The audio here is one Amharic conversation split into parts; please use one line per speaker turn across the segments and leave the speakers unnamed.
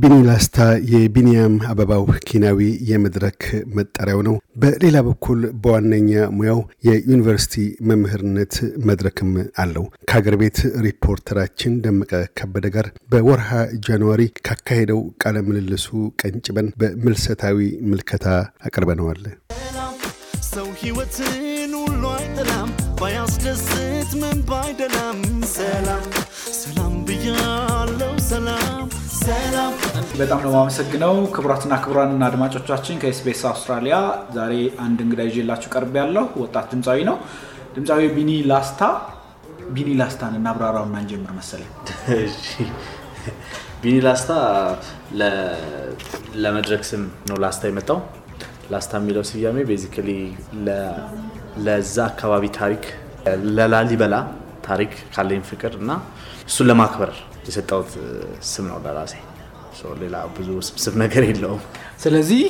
ቢኒ ላስታ የቢንያም አበባው ኪናዊ የመድረክ መጠሪያው ነው። በሌላ በኩል በዋነኛ ሙያው የዩኒቨርሲቲ መምህርነት መድረክም አለው። ከሀገር ቤት ሪፖርተራችን ደመቀ ከበደ ጋር በወርሃ ጃንዋሪ ካካሄደው ቃለ ምልልሱ ቀንጭበን በምልሰታዊ ምልከታ አቅርበነዋል።
ሰው ሕይወትን ሁሉ አይጠላም፣ ባያስደስት ምን ባይደላም ሰላም ሰላም ብያ
በጣም ነው የማመሰግነው። ክቡራትና ክቡራን አድማጮቻችን ከኤስቢኤስ አውስትራሊያ ዛሬ አንድ እንግዳ ይዤላችሁ ቀርብ ያለው ወጣት ድምፃዊ ነው። ድምፃዊ ቢኒ ላስታ። ቢኒ ላስታን እናብራራው እና መሰለኝ።
ቢኒ ላስታ ለመድረክ ስም ነው ላስታ የመጣው። ላስታ የሚለው ስያሜ ቤዚካሊ ለዛ አካባቢ ታሪክ፣ ለላሊበላ ታሪክ ካለኝ
ፍቅር እና እሱን ለማክበር የሰጠሁት ስም ነው ለራሴ። ሌላ ብዙ ስብስብ ነገር የለውም። ስለዚህ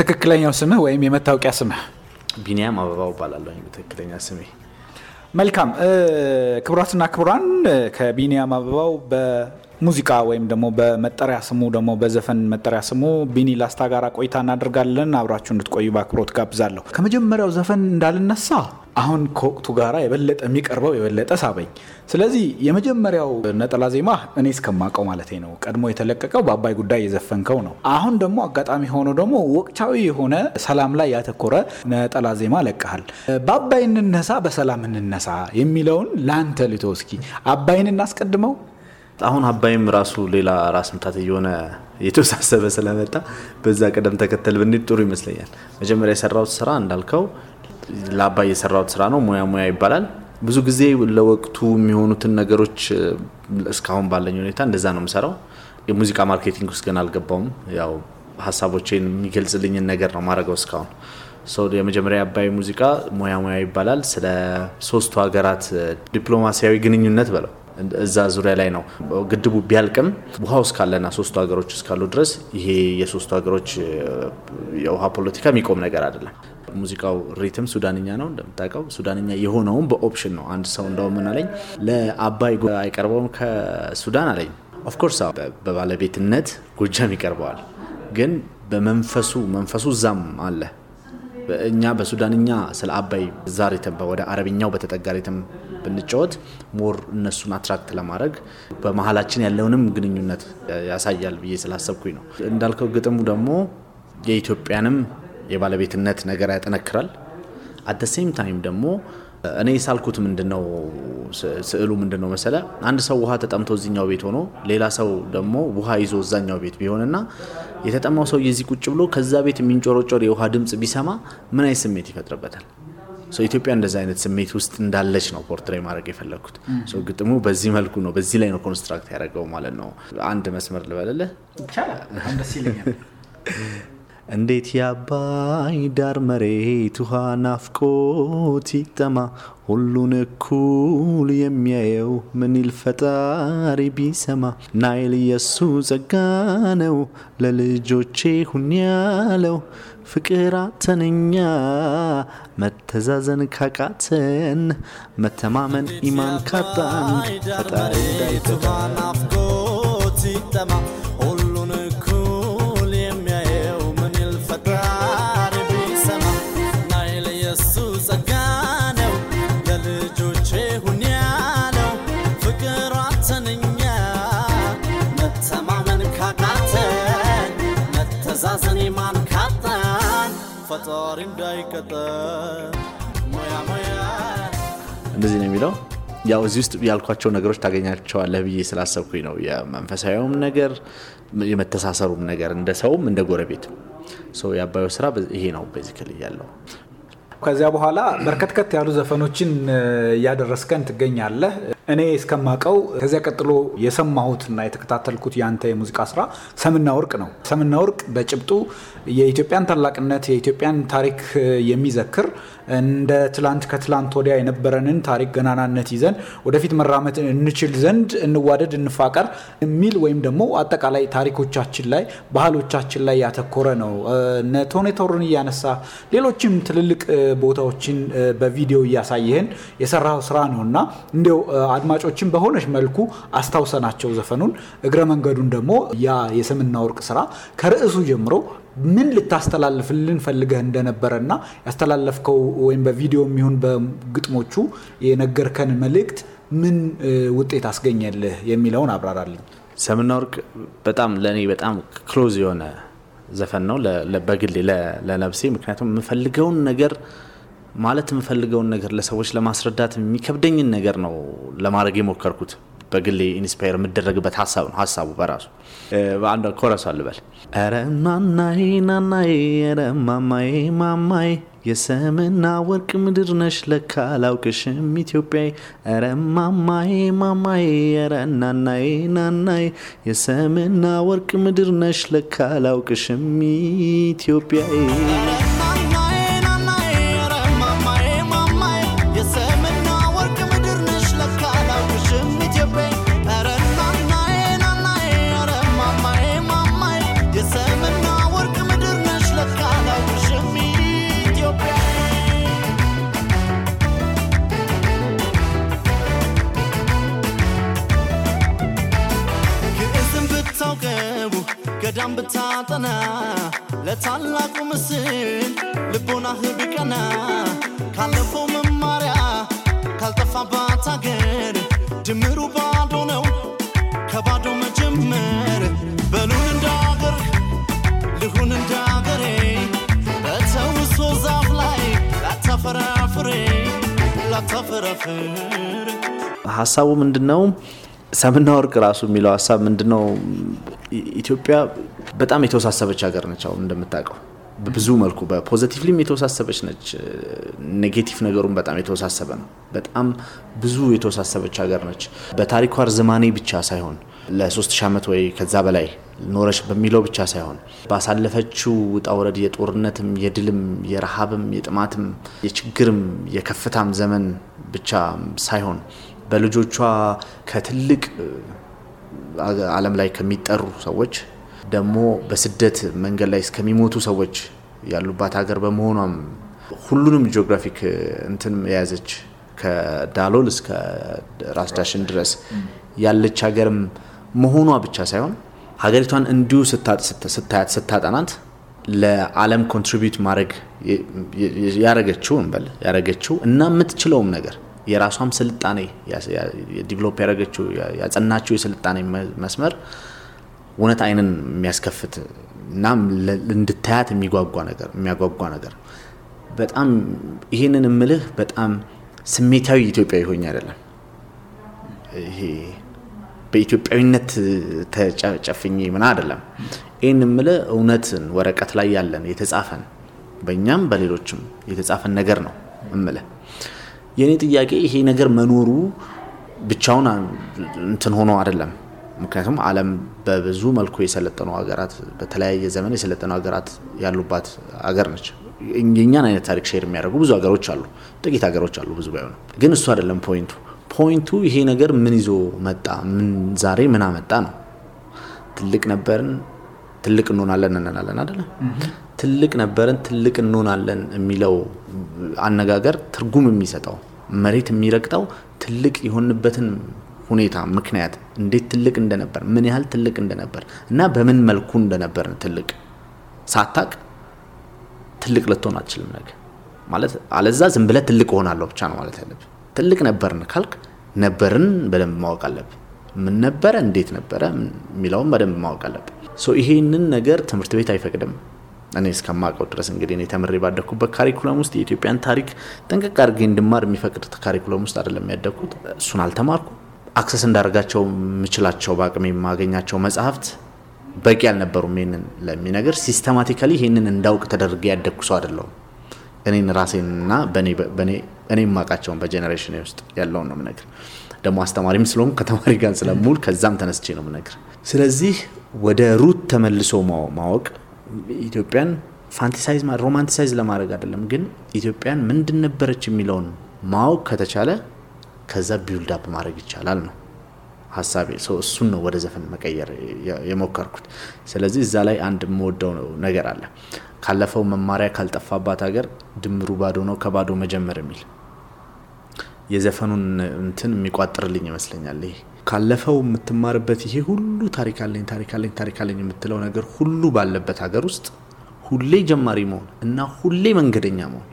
ትክክለኛው ስምህ ወይም የመታወቂያ ስምህ ቢኒያም አበባው እባላለሁ፣ ትክክለኛ ስሜ። መልካም ክቡራትና ክቡራን ከቢኒያም አበባው ሙዚቃ ወይም ደግሞ በመጠሪያ ስሙ ደግሞ በዘፈን መጠሪያ ስሙ ቢኒ ላስታ ጋራ ቆይታ እናደርጋለን። አብራችሁ እንድትቆዩ በአክብሮት ጋብዛለሁ። ከመጀመሪያው ዘፈን እንዳልነሳ አሁን ከወቅቱ ጋራ የበለጠ የሚቀርበው የበለጠ ሳበኝ። ስለዚህ የመጀመሪያው ነጠላ ዜማ እኔ እስከማውቀው ማለት ነው ቀድሞ የተለቀቀው በአባይ ጉዳይ የዘፈንከው ነው። አሁን ደግሞ አጋጣሚ ሆኖ ደግሞ ወቅታዊ የሆነ ሰላም ላይ ያተኮረ ነጠላ ዜማ ለቀሃል። በአባይ እንነሳ በሰላም እንነሳ የሚለውን ለአንተ ልቶ እስኪ አባይን እናስቀድመው አሁን አባይም ራሱ ሌላ ራስ ምታት እየሆነ የተወሳሰበ
ስለመጣ በዛ ቅደም ተከተል ብንሄድ ጥሩ ይመስለኛል። መጀመሪያ የሰራሁት ስራ እንዳልከው ለአባይ የሰራሁት ስራ ነው። ሙያ ሙያ ይባላል። ብዙ ጊዜ ለወቅቱ የሚሆኑትን ነገሮች እስካሁን ባለኝ ሁኔታ እንደዛ ነው የምሰራው። የሙዚቃ ማርኬቲንግ ውስጥ ግን አልገባውም። ያው ሀሳቦቼን የሚገልጽልኝን ነገር ነው ማድረገው እስካሁን ሰው የመጀመሪያ አባይ ሙዚቃ ሙያ ሙያ ይባላል። ስለ ሶስቱ ሀገራት ዲፕሎማሲያዊ ግንኙነት በለው እዛ ዙሪያ ላይ ነው። ግድቡ ቢያልቅም ውሃ እስካለና ሶስቱ ሀገሮች እስካሉ ድረስ ይሄ የሶስቱ ሀገሮች የውሃ ፖለቲካ የሚቆም ነገር አይደለም። ሙዚቃው ሪትም ሱዳንኛ ነው እንደምታውቀው። ሱዳንኛ የሆነውም በኦፕሽን ነው። አንድ ሰው እንደውም ምን አለኝ፣ ለአባይ አይቀርበውም ከሱዳን አለኝ። ኦፍኮርስ በባለቤትነት ጎጃም ይቀርበዋል፣ ግን በመንፈሱ መንፈሱ እዛም አለ እኛ በሱዳንኛ ስለ አባይ ዛ ሪትም ወደ አረብኛው በተጠጋ ሪትም ብንጫወት ሞር እነሱን አትራክት ለማድረግ በመሀላችን ያለውንም ግንኙነት ያሳያል ብዬ ስላሰብኩኝ ነው። እንዳልከው ግጥሙ ደግሞ የኢትዮጵያንም የባለቤትነት ነገር ያጠነክራል። ሴም ታይም ደግሞ እኔ ሳልኩት ምንድነው ስዕሉ ምንድነው መሰለ፣ አንድ ሰው ውሃ ተጠምቶ እዚኛው ቤት ሆኖ ሌላ ሰው ደግሞ ውሃ ይዞ እዛኛው ቤት ቢሆንና የተጠማው ሰው የዚህ ቁጭ ብሎ ከዛ ቤት የሚንጮረጮር የውሃ ድምፅ ቢሰማ ምን አይነት ስሜት ይፈጥርበታል? ኢትዮጵያ እንደዚ አይነት ስሜት ውስጥ እንዳለች ነው ፖርትሬ ማድረግ የፈለግኩት። ግጥሙ በዚህ መልኩ ነው፣ በዚህ ላይ ነው ኮንስትራክት ያደረገው ማለት ነው። አንድ መስመር ልበልልህ
ይቻላል። ደስ ይለኛል።
እንዴት የአባይ ዳር መሬት ውሃ ናፍቆት ይጠማ ሁሉን እኩል የሚያየው ምን ይል ፈጣሪ ቢሰማ ናይል የሱ ጸጋ ነው ለልጆቼ ሁን ያለው ፍቅር አተንኛ መተዛዘን ካቃተን መተማመን ኢማን ካጣን ፈጣሪ እንዳይተባ
ናፍቆት ይጠማ ፈጣሪ
እንደዚህ ነው የሚለው ያው እዚህ ውስጥ ያልኳቸው ነገሮች ታገኛቸዋለህ ብዬ ስላሰብኩኝ ነው። የመንፈሳዊውም ነገር የመተሳሰሩም ነገር እንደ ሰውም እንደ ጎረቤት ሰው የአባዩ ስራ ይሄ ነው ቤዚካሊ ያለው።
ከዚያ በኋላ በርከትከት ያሉ ዘፈኖችን እያደረስከን ትገኛለህ። እኔ እስከማቀው ከዚያ ቀጥሎ የሰማሁትና የተከታተልኩት የአንተ የሙዚቃ ስራ ሰምና ወርቅ ነው። ሰምና ወርቅ በጭብጡ የኢትዮጵያን ታላቅነት የኢትዮጵያን ታሪክ የሚዘክር እንደ ትላንት ከትላንት ወዲያ የነበረንን ታሪክ ገናናነት ይዘን ወደፊት መራመድ እንችል ዘንድ እንዋደድ፣ እንፋቀር የሚል ወይም ደግሞ አጠቃላይ ታሪኮቻችን ላይ ባህሎቻችን ላይ ያተኮረ ነው። እነ እያነሳ ሌሎችም ትልልቅ ቦታዎችን በቪዲዮ እያሳየህን የሰራው ስራ ነው እና አድማጮችን በሆነች መልኩ አስታውሰናቸው ዘፈኑን እግረ መንገዱን ደግሞ ያ የስምና ወርቅ ስራ ከርዕሱ ጀምሮ ምን ልታስተላልፍልን ፈልገህ እንደነበረና ያስተላለፍከው ወይም በቪዲዮ የሚሆን በግጥሞቹ የነገርከን መልእክት ምን ውጤት አስገኘልህ የሚለውን አብራራልኝ።
ሰምና ወርቅ በጣም ለእኔ በጣም ክሎዝ የሆነ ዘፈን ነው በግሌ ለነብሴ። ምክንያቱም የምፈልገውን ነገር ማለት የምፈልገውን ነገር ለሰዎች ለማስረዳት የሚከብደኝን ነገር ነው ለማድረግ የሞከርኩት። በግሌ ኢንስፓየር የምደረግበት ሀሳብ ነው። ሀሳቡ በራሱ በአንድ ኮረሱ አልበል ረ ናናዬ ናናዬ ረ ማማዬ ማማዬ የሰምና ወርቅ ምድር ነሽ ለካ ላውቅሽም ኢትዮጵያዬ ረ ማማዬ ማማዬ
ረ ናናዬ ናናዬ የሰምና ወርቅ ምድር ነሽ ለካ
ላውቅሽም ኢትዮጵያዬ
ታላቁ ምስል ልቦናህ ቢቀና ካለፈው መማሪያ ካልጠፋባት አገር ድምሩ ባዶ ነው ከባዶ መጀመር በሉን እንደ አገር ልሁን እንደ አገሬ በተውሶ ዛፍ ላይ ላታፈራፍሬ ላታፈራፍር
ሀሳቡ ምንድን ነው? ሰምና ወርቅ ራሱ የሚለው ሀሳብ ምንድነው? ኢትዮጵያ በጣም የተወሳሰበች ሀገር ነች። አሁን እንደምታውቀው ብዙ መልኩ በፖዘቲቭሊም የተወሳሰበች ነች። ኔጌቲቭ ነገሩም በጣም የተወሳሰበ ነው። በጣም ብዙ የተወሳሰበች ሀገር ነች። በታሪኳ ርዝማኔ ብቻ ሳይሆን ለ 3 ዓመት ወይ ከዛ በላይ ኖረች በሚለው ብቻ ሳይሆን ባሳለፈችው ውጣ ውረድ የጦርነትም፣ የድልም፣ የረሃብም፣ የጥማትም፣ የችግርም፣ የከፍታም ዘመን ብቻ ሳይሆን በልጆቿ ከትልቅ ዓለም ላይ ከሚጠሩ ሰዎች ደግሞ በስደት መንገድ ላይ እስከሚሞቱ ሰዎች ያሉባት ሀገር በመሆኗም ሁሉንም ጂኦግራፊክ እንትን የያዘች ከዳሎል እስከ ራስ ዳሽን ድረስ ያለች ሀገርም መሆኗ ብቻ ሳይሆን ሀገሪቷን እንዲሁ ስታያት ስታጠናት ለዓለም ኮንትሪቢዩት ማድረግ ያረገችው እንበል ያረገችው እና የምትችለውም ነገር የራሷም ስልጣኔ ዲቨሎፕ ያደረገችው ያጸናችው የስልጣኔ መስመር እውነት አይንን የሚያስከፍት እና እንድታያት የሚጓጓ ነገር የሚያጓጓ ነገር በጣም ይህንን እምልህ በጣም ስሜታዊ ኢትዮጵያ ይሆኝ አይደለም ይሄ በኢትዮጵያዊነት ተጨፍኝ ምና አይደለም። ይህን የምልህ እውነትን ወረቀት ላይ ያለን የተጻፈን በእኛም በሌሎችም የተጻፈን ነገር ነው እምልህ የእኔ ጥያቄ ይሄ ነገር መኖሩ ብቻውን እንትን ሆኖ አይደለም። ምክንያቱም ዓለም በብዙ መልኩ የሰለጠኑ ሀገራት በተለያየ ዘመን የሰለጠኑ ሀገራት ያሉባት ሀገር ነች። የእኛን አይነት ታሪክ ሼር የሚያደርጉ ብዙ ሀገሮች አሉ፣ ጥቂት ሀገሮች አሉ፣ ብዙ ባይሆኑ። ግን እሱ አይደለም ፖይንቱ። ፖይንቱ ይሄ ነገር ምን ይዞ መጣ፣ ምን ዛሬ ምን አመጣ ነው። ትልቅ ነበርን፣ ትልቅ እንሆናለን እንላለን አይደለም። ትልቅ ነበርን፣ ትልቅ እንሆናለን የሚለው አነጋገር ትርጉም የሚሰጠው መሬት የሚረግጠው ትልቅ የሆንበትን ሁኔታ ምክንያት እንዴት ትልቅ እንደነበር ምን ያህል ትልቅ እንደነበር እና በምን መልኩ እንደነበር ትልቅ ሳታቅ ትልቅ ልትሆን አትችልም። ነገ ማለት አለዛ ዝም ብለህ ትልቅ እሆናለሁ ብቻ ነው ማለት ያለብ። ትልቅ ነበርን ካልክ ነበርን በደንብ ማወቅ አለብ? ምን ነበረ፣ እንዴት ነበረ የሚለውን በደንብ ማወቅ አለብ። ይሄንን ነገር ትምህርት ቤት አይፈቅድም። እኔ እስከማውቀው ድረስ እንግዲህ እኔ ተምሬ ባደግኩበት ካሪኩለም ውስጥ የኢትዮጵያን ታሪክ ጠንቀቅ አድርጌ እንድማር የሚፈቅድ ካሪኩለም ውስጥ አይደለም ያደግኩት። እሱን አልተማርኩ። አክሰስ እንዳደርጋቸው የምችላቸው በአቅሜ የማገኛቸው መጽሐፍት በቂ አልነበሩም። ይህንን ለሚነገር ሲስተማቲካሊ ይህንን እንዳውቅ ተደርጌ ያደግኩ ሰው አይደለሁም። እኔን ራሴንና እኔ የማውቃቸውን በጀኔሬሽን ውስጥ ያለውን ነው ምነግር። ደግሞ አስተማሪም ስለሆን ከተማሪ ጋር ስለሙል ከዛም ተነስቼ ነው ምነግር። ስለዚህ ወደ ሩት ተመልሶ ማወቅ ኢትዮጵያን ፋንቲሳይዝ ሮማንቲሳይዝ ለማድረግ አይደለም፣ ግን ኢትዮጵያን ምንድን ነበረች የሚለውን ማወቅ ከተቻለ ከዛ ቢውልዳፕ ማድረግ ይቻላል ነው ሀሳቤ። እሱን ነው ወደ ዘፈን መቀየር የሞከርኩት። ስለዚህ እዛ ላይ አንድ የምወደው ነገር አለ። ካለፈው መማሪያ ካልጠፋባት ሀገር ድምሩ ባዶ ነው ከባዶ መጀመር የሚል የዘፈኑን እንትን የሚቋጥርልኝ ይመስለኛል ይሄ ካለፈው የምትማርበት ይሄ ሁሉ ታሪካለኝ ታሪካለኝ ታሪካለኝ የምትለው ነገር ሁሉ ባለበት ሀገር ውስጥ ሁሌ ጀማሪ መሆን እና ሁሌ መንገደኛ መሆን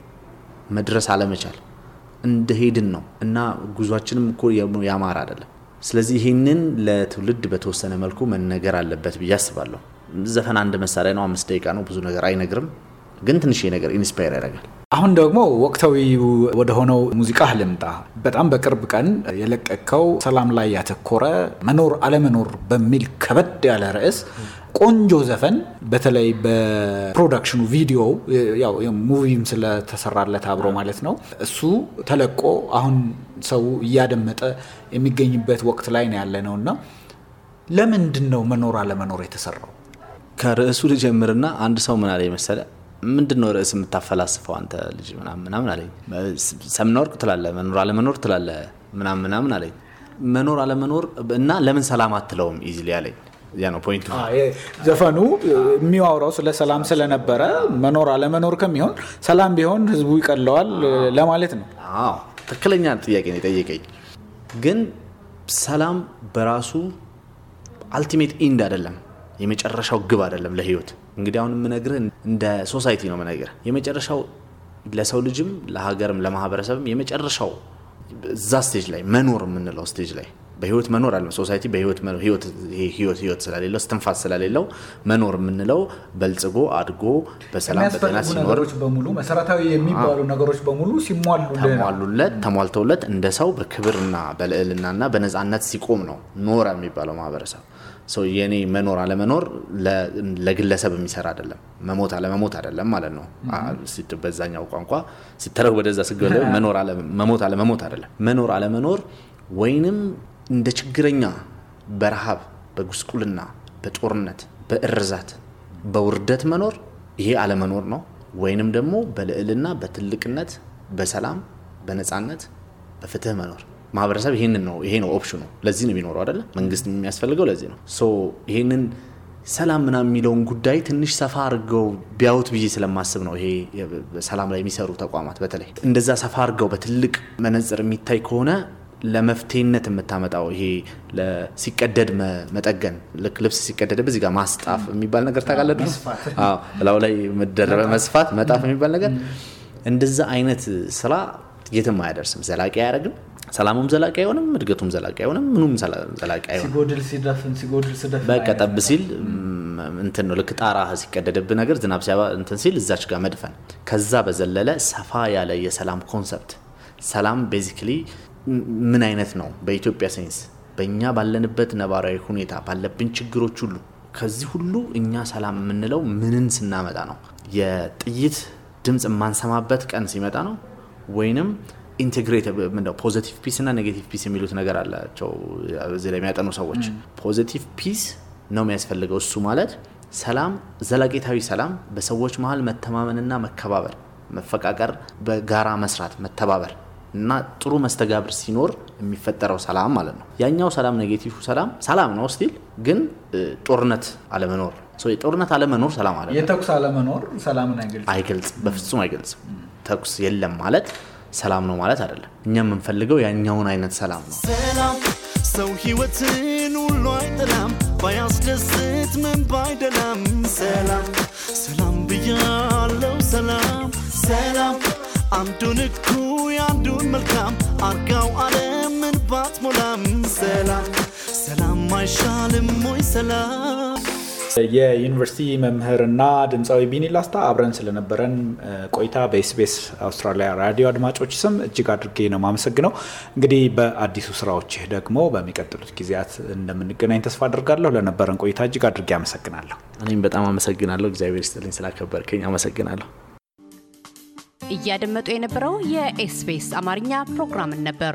መድረስ አለመቻል እንደ ሄድን ነው እና ጉዟችንም እኮ ያማረ አይደለም። ስለዚህ ይህንን ለትውልድ በተወሰነ መልኩ መነገር አለበት ብዬ አስባለሁ። ዘፈን አንድ መሳሪያ
ነው፣ አምስት ደቂቃ ነው፣ ብዙ ነገር አይነግርም። ግን ትንሽ ነገር ኢንስፓየር ያደርጋል። አሁን ደግሞ ወቅታዊ ወደሆነው ሙዚቃ ልምጣ። በጣም በቅርብ ቀን የለቀከው ሰላም ላይ ያተኮረ መኖር አለመኖር በሚል ከበድ ያለ ርዕስ ቆንጆ ዘፈን በተለይ በፕሮዳክሽኑ ቪዲዮ ያው ሙቪም ስለተሰራለት አብሮ ማለት ነው። እሱ ተለቆ አሁን ሰው እያደመጠ የሚገኝበት ወቅት ላይ ነው ያለ ነው እና ለምንድን ነው መኖር አለመኖር የተሰራው? ከርዕሱ
ልጀምርና አንድ ሰው ምን አለ መሰለ ምንድን ነው ርዕስ የምታፈላስፈው አንተ ልጅ ምናምን ምናምን አለኝ። ሰምናወርቅ ትላለ መኖር አለመኖር ትላለ ምናምን ምናምን አለኝ። መኖር አለመኖር
እና ለምን ሰላም አትለውም ኢዚሊ አለኝ። ያ ነው ፖይንቱ። ዘፈኑ የሚዋውረው ስለ ሰላም ስለነበረ መኖር አለመኖር ከሚሆን ሰላም ቢሆን ህዝቡ ይቀለዋል ለማለት ነው። አዎ ትክክለኛ ጥያቄ ነው የጠየቀኝ። ግን ሰላም
በራሱ አልቲሜት ኢንድ አይደለም፣ የመጨረሻው ግብ አይደለም ለህይወት እንግዲህ አሁን የምነግርህ እንደ ሶሳይቲ ነው የምነግርህ። የመጨረሻው ለሰው ልጅም ለሀገርም ለማህበረሰብም የመጨረሻው እዛ ስቴጅ ላይ መኖር የምንለው ስቴጅ ላይ በህይወት መኖር አለ ሶሳይቲ በህይወት ስለሌለው ስትንፋስ ስለሌለው መኖር የምንለው በልጽጎ አድጎ በሰላም በጤና ሲኖር
በሙሉ መሰረታዊ የሚባሉ ነገሮች በሙሉ ሲሟሉለት
ተሟልተውለት እንደ ሰው በክብርና በልዕልናና በነፃነት ሲቆም ነው ኖረ የሚባለው ማህበረሰብ። ሰው የኔ መኖር አለመኖር ለግለሰብ የሚሰራ አይደለም፣ መሞት አለመሞት አይደለም ማለት ነው። በዛኛው ቋንቋ ሲተረው ወደዛ ስገለ መሞት አለመሞት አይደለም። መኖር አለመኖር ወይንም እንደ ችግረኛ በረሃብ በጉስቁልና በጦርነት በእርዛት በውርደት መኖር ይሄ አለመኖር ነው። ወይንም ደግሞ በልዕልና በትልቅነት በሰላም በነፃነት በፍትህ መኖር ማህበረሰብ ይሄንን ነው ይሄ ነው ኦፕሽኑ። ለዚህ ነው የሚኖረው አይደለ? መንግስት የሚያስፈልገው ለዚህ ነው። ሶ ይሄንን ሰላም ምና የሚለውን ጉዳይ ትንሽ ሰፋ አድርገው ቢያዩት ብዬ ስለማስብ ነው። ይሄ ሰላም ላይ የሚሰሩ ተቋማት በተለይ እንደዛ ሰፋ አድርገው በትልቅ መነጽር የሚታይ ከሆነ ለመፍትሄነት የምታመጣው ይሄ ሲቀደድ መጠገን ልክ ልብስ ሲቀደድ በዚህ ጋር ማስጣፍ የሚባል ነገር ታውቃለህ? ላው ላይ መደረበ መስፋት መጣፍ የሚባል ነገር እንደዛ አይነት ስራ የትም አያደርስም፣ ዘላቂ አያደርግም። ሰላሙም ዘላቂ አይሆንም፣ እድገቱም ዘላቂ አይሆንም፣ ምኑም ዘላቂ
አይሆንበቃ
ጠብ ሲል እንትን ነው ልክ ጣራ ሲቀደድብ ነገር ዝናብ ሲያባ እንትን ሲል እዛች ጋር መድፈን። ከዛ በዘለለ ሰፋ ያለ የሰላም ኮንሰፕት ሰላም ቤዚክሊ ምን አይነት ነው በኢትዮጵያ ሳይንስ በእኛ ባለንበት ነባራዊ ሁኔታ ባለብን ችግሮች ሁሉ ከዚህ ሁሉ እኛ ሰላም የምንለው ምንን ስናመጣ ነው? የጥይት ድምፅ የማንሰማበት ቀን ሲመጣ ነው ወይንም ኢንቴግሬት ምንድነው ፖዘቲቭ ፒስ እና ኔጌቲቭ ፒስ የሚሉት ነገር አላቸው። እዚህ ላይ የሚያጠኑ ሰዎች ፖዘቲቭ ፒስ ነው የሚያስፈልገው። እሱ ማለት ሰላም፣ ዘላቄታዊ ሰላም፣ በሰዎች መሀል መተማመንና መከባበር፣ መፈቃቀር፣ በጋራ መስራት፣ መተባበር እና ጥሩ መስተጋብር ሲኖር የሚፈጠረው ሰላም ማለት ነው። ያኛው ሰላም ኔጌቲቭ ሰላም ሰላም ነው ስቲል ግን ጦርነት አለመኖር፣ የጦርነት አለመኖር ሰላም አለ። የተኩስ
አለመኖር ሰላምን
አይገልጽ በፍጹም አይገልጽም። ተኩስ የለም ማለት ሰላም ነው ማለት አይደለም እኛ የምንፈልገው ያኛውን አይነት ሰላም ነው
ሰላም ሰው
ህይወትን ሁሉ አይጠላም ባያስደስት ምን ባይደላም ሰላም ሰላም ብያለው ሰላም ሰላም አንዱን እኩ ያንዱን መልካም አርጋው አለምን ባትሞላም ሰላም ሰላም አይሻልም ወይ ሰላም
የዩኒቨርሲቲ መምህርና ድምፃዊ ቢኒ ላስታ አብረን ስለነበረን ቆይታ በኤስቤስ አውስትራሊያ ራዲዮ አድማጮች ስም እጅግ አድርጌ ነው ማመሰግነው። እንግዲህ በአዲሱ ስራዎችህ ደግሞ በሚቀጥሉት ጊዜያት እንደምንገናኝ ተስፋ አድርጋለሁ። ለነበረን ቆይታ እጅግ አድርጌ አመሰግናለሁ። እኔም በጣም አመሰግናለሁ። እግዚአብሔር ይስጥልኝ ስላከበርከኝ አመሰግናለሁ። እያደመጡ የነበረው የኤስቤስ አማርኛ ፕሮግራምን ነበር።